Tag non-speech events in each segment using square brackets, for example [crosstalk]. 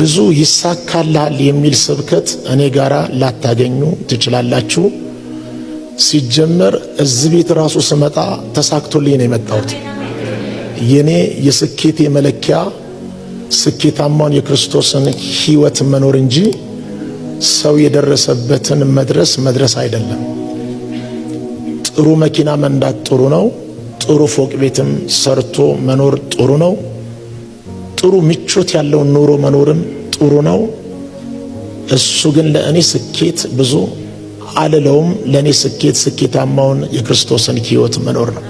ብዙ ይሳካልሃል የሚል ስብከት እኔ ጋራ ላታገኙ ትችላላችሁ። ሲጀመር እዚህ ቤት ራሱ ስመጣ ተሳክቶልኝ ነው የመጣሁት። የኔ የስኬቴ መለኪያ ስኬታማውን የክርስቶስን ሕይወት መኖር እንጂ ሰው የደረሰበትን መድረስ መድረስ አይደለም። ጥሩ መኪና መንዳት ጥሩ ነው። ጥሩ ፎቅ ቤትም ሰርቶ መኖር ጥሩ ነው። ጥሩ ምቾት ያለውን ኑሮ መኖርም ጥሩ ነው። እሱ ግን ለእኔ ስኬት ብዙ አልለውም። ለእኔ ስኬት ስኬታማውን የክርስቶስን ህይወት መኖር ነው።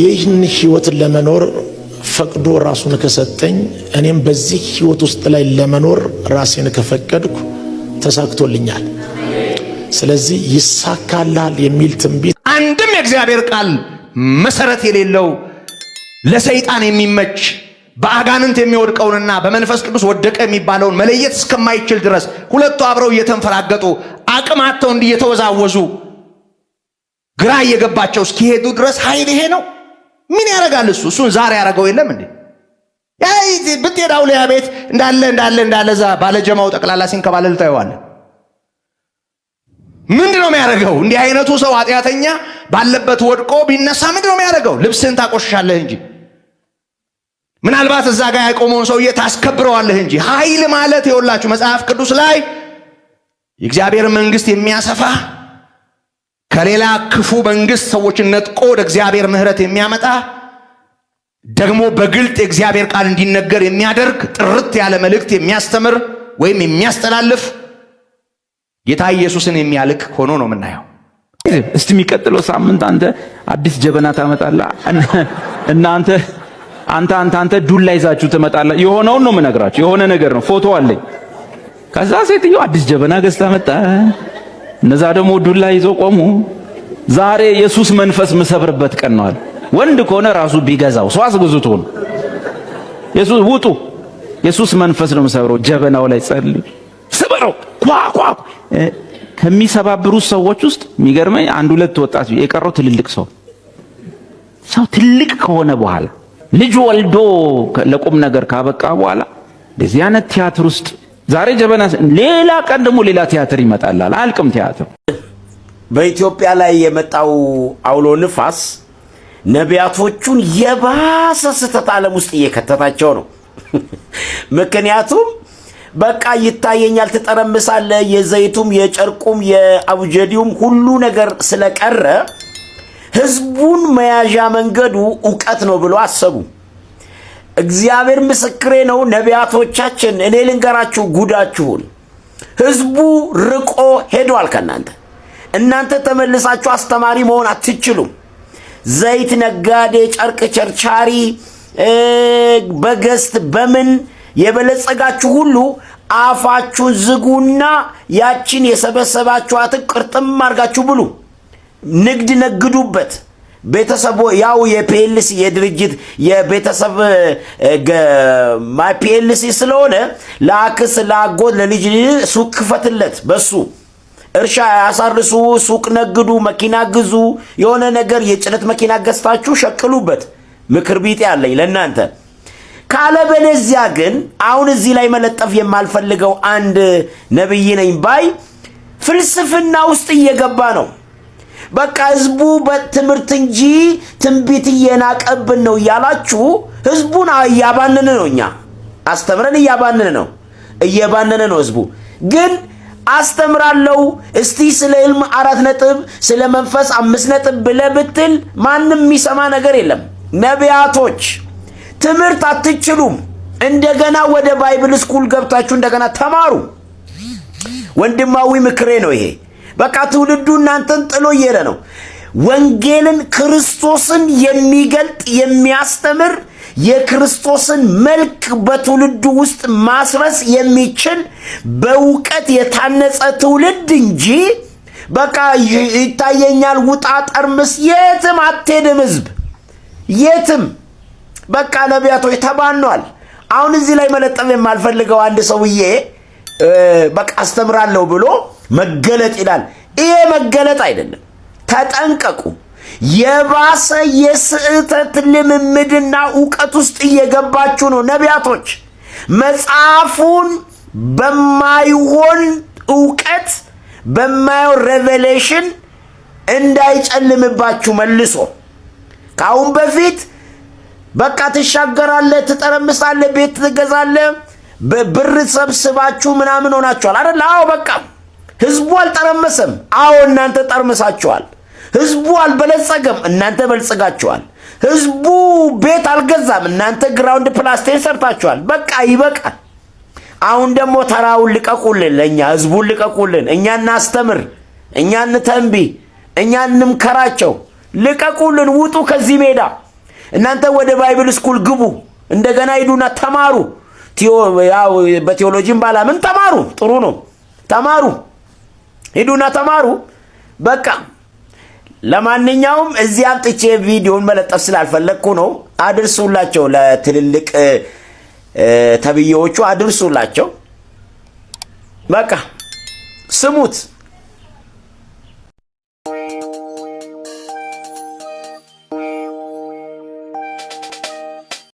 ይህን ህይወት ለመኖር ፈቅዶ ራሱን ከሰጠኝ እኔም በዚህ ህይወት ውስጥ ላይ ለመኖር ራሴን ከፈቀድኩ ተሳክቶልኛል። ስለዚህ ይሳካላል የሚል ትንቢት አንድም የእግዚአብሔር ቃል መሰረት የሌለው ለሰይጣን የሚመች በአጋንንት የሚወድቀውንና በመንፈስ ቅዱስ ወደቀ የሚባለውን መለየት እስከማይችል ድረስ ሁለቱ አብረው እየተንፈራገጡ አቅም አጥተው እንዲህ እየተወዛወዙ ግራ እየገባቸው እስኪሄዱ ድረስ ኃይል ይሄ ነው። ምን ያደርጋል እሱ? እሱን ዛሬ ያደረገው የለም እንዴ? ብትሄድ አውሊያ ቤት እንዳለ እንዳለ እንዳለ እዛ ባለጀማው ጠቅላላ ሲንከባለል ታየዋለ። ምንድን ነው የሚያደርገው? እንዲህ አይነቱ ሰው ኃጢአተኛ ባለበት ወድቆ ቢነሳ ምንድን ነው የሚያደርገው? ልብስህን ታቆሽሻለህ እንጂ ምናልባት እዛ ጋር ያቆመውን ሰውዬ ታስከብረዋለህ እንጂ ኃይል ማለት የወላችሁ መጽሐፍ ቅዱስ ላይ የእግዚአብሔር መንግስት የሚያሰፋ ከሌላ ክፉ መንግስት ሰዎችን ነጥቆ ወደ እግዚአብሔር ምሕረት የሚያመጣ ደግሞ በግልጥ የእግዚአብሔር ቃል እንዲነገር የሚያደርግ ጥርት ያለ መልእክት የሚያስተምር ወይም የሚያስተላልፍ ጌታ ኢየሱስን የሚያልቅ ሆኖ ነው የምናየው። እስቲ የሚቀጥለው ሳምንት አንተ አዲስ ጀበና ታመጣላ እናንተ አንተ አንተ አንተ ዱላ ይዛችሁ ትመጣላ። የሆነውን ነው የምነግራችሁ። የሆነ ነገር ነው፣ ፎቶ አለኝ። ከዛ ሴትዮ አዲስ ጀበና ገዝታ መጣ። እነዛ ደግሞ ዱላ ይዘው ቆሙ። ዛሬ የሱስ መንፈስ ምሰብርበት ቀን ነው አለ። ወንድ ከሆነ ራሱ ቢገዛው ሰው አስገዙት ሆነ። የሱስ ውጡ፣ የሱስ መንፈስ ነው ምሰብረው። ጀበናው ላይ ጸልይ፣ ስበረው። ኳ ኳ ከሚሰባብሩት ሰዎች ውስጥ የሚገርመኝ አንድ ሁለት ወጣት፣ የቀረው ትልልቅ ሰው ሰው ትልቅ ከሆነ በኋላ ልጅ ወልዶ ለቁም ነገር ካበቃ በኋላ እንደዚህ አይነት ቲያትር ውስጥ ዛሬ ጀበና፣ ሌላ ቀን ደግሞ ሌላ ቲያትር ይመጣላል። አልቅም ቲያትር። በኢትዮጵያ ላይ የመጣው አውሎ ንፋስ ነቢያቶቹን የባሰ ስህተት ዓለም ውስጥ እየከተታቸው ነው። [laughs] ምክንያቱም በቃ ይታየኛል፣ ትጠረምሳለ የዘይቱም የጨርቁም የአቡጀዲውም ሁሉ ነገር ስለቀረ ህዝቡን መያዣ መንገዱ እውቀት ነው ብሎ አሰቡ። እግዚአብሔር ምስክሬ ነው። ነቢያቶቻችን እኔ ልንገራችሁ ጉዳችሁን። ህዝቡ ርቆ ሄዷል ከእናንተ። እናንተ ተመልሳችሁ አስተማሪ መሆን አትችሉም። ዘይት ነጋዴ፣ ጨርቅ ቸርቻሪ፣ በገስት በምን የበለጸጋችሁ ሁሉ አፋችሁን ዝጉና ያችን የሰበሰባችኋትን ቅርጥም አድርጋችሁ ብሉ። ንግድ ነግዱበት። ቤተሰቡ ያው የፒኤልሲ የድርጅት የቤተሰብ ፒኤልሲ ስለሆነ ለአክስ ለአጎት ለልጅ ሱቅ ክፈትለት። በሱ እርሻ ያሳርሱ፣ ሱቅ ነግዱ፣ መኪና ግዙ። የሆነ ነገር የጭነት መኪና ገዝታችሁ ሸቅሉበት። ምክር ቢጤ ያለኝ ለእናንተ። ካለበለዚያ ግን አሁን እዚህ ላይ መለጠፍ የማልፈልገው አንድ ነብይ ነኝ ባይ ፍልስፍና ውስጥ እየገባ ነው። በቃ ህዝቡ በትምህርት እንጂ ትንቢት እየናቀብን ነው እያላችሁ ህዝቡን እያባንን ነው። እኛ አስተምረን እያባንን ነው፣ እየባነነ ነው ህዝቡ ግን አስተምራለሁ እስቲ ስለ ህልም አራት ነጥብ ስለ መንፈስ አምስት ነጥብ ብለ ብትል ማንም የሚሰማ ነገር የለም። ነቢያቶች ትምህርት አትችሉም፣ እንደገና ወደ ባይብል ስኩል ገብታችሁ እንደገና ተማሩ። ወንድማዊ ምክሬ ነው ይሄ። በቃ ትውልዱ እናንተን ጥሎ እየሄደ ነው። ወንጌልን ክርስቶስን የሚገልጥ የሚያስተምር የክርስቶስን መልክ በትውልዱ ውስጥ ማስረስ የሚችል በእውቀት የታነጸ ትውልድ እንጂ በቃ ይታየኛል፣ ውጣ ጠርምስ፣ የትም አትሄድም። ህዝብ የትም በቃ ነቢያቶች ተባኗል። አሁን እዚህ ላይ መለጠፍ የማልፈልገው አንድ ሰውዬ በቃ አስተምራለሁ ብሎ መገለጥ ይላል። ይሄ መገለጥ አይደለም። ተጠንቀቁ። የባሰ የስህተት ልምምድና እውቀት ውስጥ እየገባችሁ ነው። ነቢያቶች መጽሐፉን በማይሆን እውቀት በማየው ሬቨሌሽን እንዳይጨልምባችሁ መልሶ ከአሁን በፊት በቃ ትሻገራለህ፣ ትጠረምሳለህ፣ ቤት ትገዛለህ፣ ብር ሰብስባችሁ ምናምን ሆናችኋል አይደል? አዎ በቃ ህዝቡ አልጠረመሰም። አዎ እናንተ ጠርመሳችኋል። ህዝቡ አልበለጸገም። እናንተ በልጽጋችኋል። ህዝቡ ቤት አልገዛም። እናንተ ግራውንድ ፕላስቴን ሰርታችኋል። በቃ ይበቃል። አሁን ደግሞ ተራውን ልቀቁልን፣ ለእኛ ህዝቡን ልቀቁልን። እኛ እናስተምር፣ እኛ እንተንቢ፣ እኛ እንምከራቸው። ልቀቁልን፣ ውጡ ከዚህ ሜዳ። እናንተ ወደ ባይብል ስኩል ግቡ፣ እንደገና ሂዱና ተማሩ። በቴዎሎጂም ባላምን ተማሩ፣ ጥሩ ነው፣ ተማሩ። ሂዱና ተማሩ። በቃ ለማንኛውም እዚህ አምጥቼ ቪዲዮን መለጠፍ ስላልፈለግኩ ነው። አድርሱላቸው፣ ለትልልቅ ተብዬዎቹ አድርሱላቸው። በቃ ስሙት።